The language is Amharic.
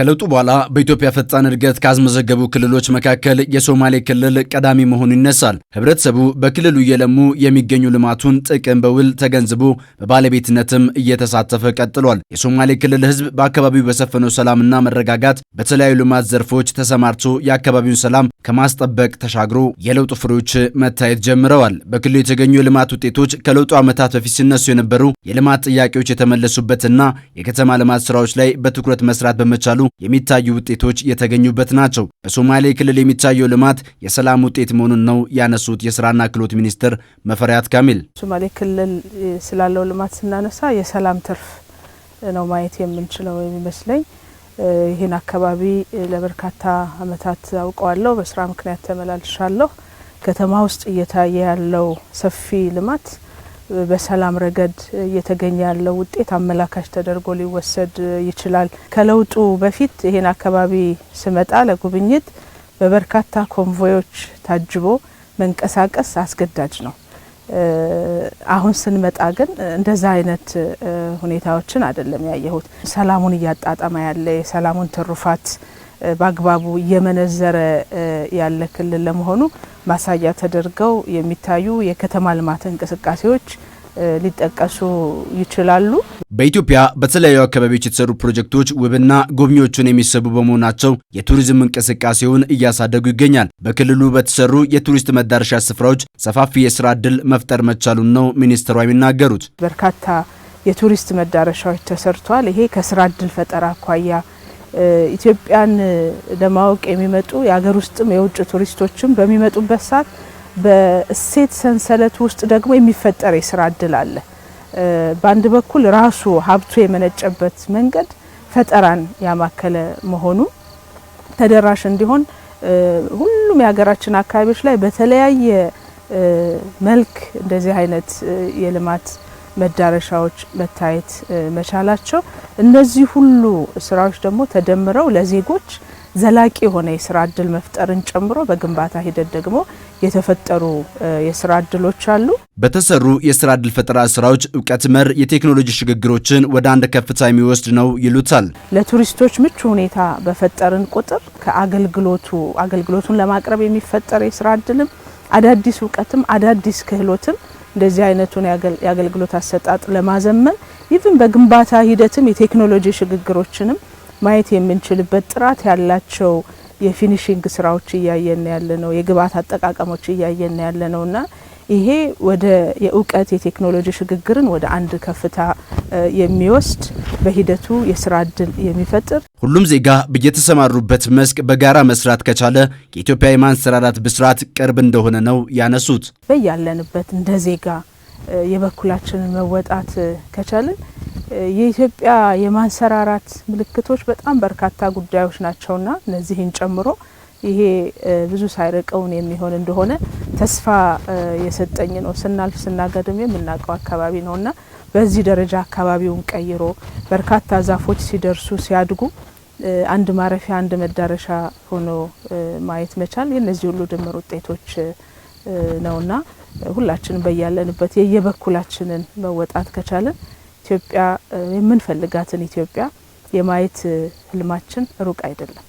ከለውጡ በኋላ በኢትዮጵያ ፈጣን እድገት ካስመዘገቡ ክልሎች መካከል የሶማሌ ክልል ቀዳሚ መሆኑ ይነሳል። ህብረተሰቡ በክልሉ እየለሙ የሚገኙ ልማቱን ጥቅም በውል ተገንዝቦ በባለቤትነትም እየተሳተፈ ቀጥሏል። የሶማሌ ክልል ህዝብ በአካባቢው በሰፈነው ሰላምና መረጋጋት በተለያዩ ልማት ዘርፎች ተሰማርቶ የአካባቢውን ሰላም ከማስጠበቅ ተሻግሮ የለውጥ ፍሬዎች መታየት ጀምረዋል። በክልሉ የተገኙ የልማት ውጤቶች ከለውጡ ዓመታት በፊት ሲነሱ የነበሩ የልማት ጥያቄዎች የተመለሱበትና የከተማ ልማት ስራዎች ላይ በትኩረት መስራት በመቻሉ የሚታዩ ውጤቶች የተገኙበት ናቸው። በሶማሌ ክልል የሚታየው ልማት የሰላም ውጤት መሆኑን ነው ያነሱት የስራና ክህሎት ሚኒስትር መፈሪያት ካሚል። ሶማሌ ክልል ስላለው ልማት ስናነሳ የሰላም ትርፍ ነው ማየት የምንችለው የሚመስለኝ። ይህን አካባቢ ለበርካታ አመታት አውቀዋለሁ። በስራ ምክንያት ተመላልሻለሁ። ከተማ ውስጥ እየታየ ያለው ሰፊ ልማት በሰላም ረገድ እየተገኘ ያለው ውጤት አመላካች ተደርጎ ሊወሰድ ይችላል። ከለውጡ በፊት ይሄን አካባቢ ስመጣ ለጉብኝት በበርካታ ኮንቮዮች ታጅቦ መንቀሳቀስ አስገዳጅ ነው። አሁን ስንመጣ ግን እንደዛ አይነት ሁኔታዎችን አይደለም ያየሁት። ሰላሙን እያጣጣመ ያለ የሰላሙን ትሩፋት በአግባቡ እየመነዘረ ያለ ክልል ለመሆኑ ማሳያ ተደርገው የሚታዩ የከተማ ልማት እንቅስቃሴዎች ሊጠቀሱ ይችላሉ። በኢትዮጵያ በተለያዩ አካባቢዎች የተሰሩ ፕሮጀክቶች ውብና ጎብኚዎቹን የሚሰቡ በመሆናቸው የቱሪዝም እንቅስቃሴውን እያሳደጉ ይገኛል። በክልሉ በተሰሩ የቱሪስት መዳረሻ ስፍራዎች ሰፋፊ የስራ እድል መፍጠር መቻሉን ነው ሚኒስትሯ የሚናገሩት። በርካታ የቱሪስት መዳረሻዎች ተሰርቷል። ይሄ ከስራ እድል ፈጠራ አኳያ ኢትዮጵያን ለማወቅ የሚመጡ የሀገር ውስጥም የውጭ ቱሪስቶችም በሚመጡበት ሰዓት በእሴት ሰንሰለት ውስጥ ደግሞ የሚፈጠር የስራ እድል አለ። በአንድ በኩል ራሱ ሀብቱ የመነጨበት መንገድ ፈጠራን ያማከለ መሆኑ ተደራሽ እንዲሆን ሁሉም የሀገራችን አካባቢዎች ላይ በተለያየ መልክ እንደዚህ አይነት የልማት መዳረሻዎች መታየት መቻላቸው እነዚህ ሁሉ ስራዎች ደግሞ ተደምረው ለዜጎች ዘላቂ የሆነ የስራ እድል መፍጠርን ጨምሮ በግንባታ ሂደት ደግሞ የተፈጠሩ የስራ እድሎች አሉ። በተሰሩ የስራ እድል ፈጠራ ስራዎች እውቀት መር የቴክኖሎጂ ሽግግሮችን ወደ አንድ ከፍታ የሚወስድ ነው ይሉታል። ለቱሪስቶች ምቹ ሁኔታ በፈጠርን ቁጥር ከአገልግሎቱ አገልግሎቱን ለማቅረብ የሚፈጠር የስራ እድልም አዳዲስ እውቀትም አዳዲስ ክህሎትም እንደዚህ አይነቱን የአገልግሎት አሰጣጥ ለማዘመን ኢቭን በግንባታ ሂደትም የቴክኖሎጂ ሽግግሮችንም ማየት የምንችልበት ጥራት ያላቸው የፊኒሽንግ ስራዎች እያየን ያለ ነው። የግብአት አጠቃቀሞች እያየን ያለ እና ይሄ ወደ የእውቀት የቴክኖሎጂ ሽግግርን ወደ አንድ ከፍታ የሚወስድ በሂደቱ የስራ እድል የሚፈጥር ሁሉም ዜጋ በየተሰማሩበት መስክ በጋራ መስራት ከቻለ የኢትዮጵያ የማንሰራራት ብስራት ቅርብ እንደሆነ ነው ያነሱት። በያለንበት እንደ ዜጋ የበኩላችንን መወጣት ከቻልን የኢትዮጵያ የማንሰራራት ምልክቶች በጣም በርካታ ጉዳዮች ናቸውና እነዚህን ጨምሮ ይሄ ብዙ ሳይርቀውን የሚሆን እንደሆነ ተስፋ የሰጠኝ ነው። ስናልፍ ስናገድም የምናውቀው አካባቢ ነው እና በዚህ ደረጃ አካባቢውን ቀይሮ በርካታ ዛፎች ሲደርሱ ሲያድጉ አንድ ማረፊያ አንድ መዳረሻ ሆኖ ማየት መቻል የእነዚህ ሁሉ ድምር ውጤቶች ነውና ሁላችንም በያለንበት የየበኩላችንን መወጣት ከቻለን ኢትዮጵያ የምንፈልጋትን ኢትዮጵያ የማየት ህልማችን ሩቅ አይደለም።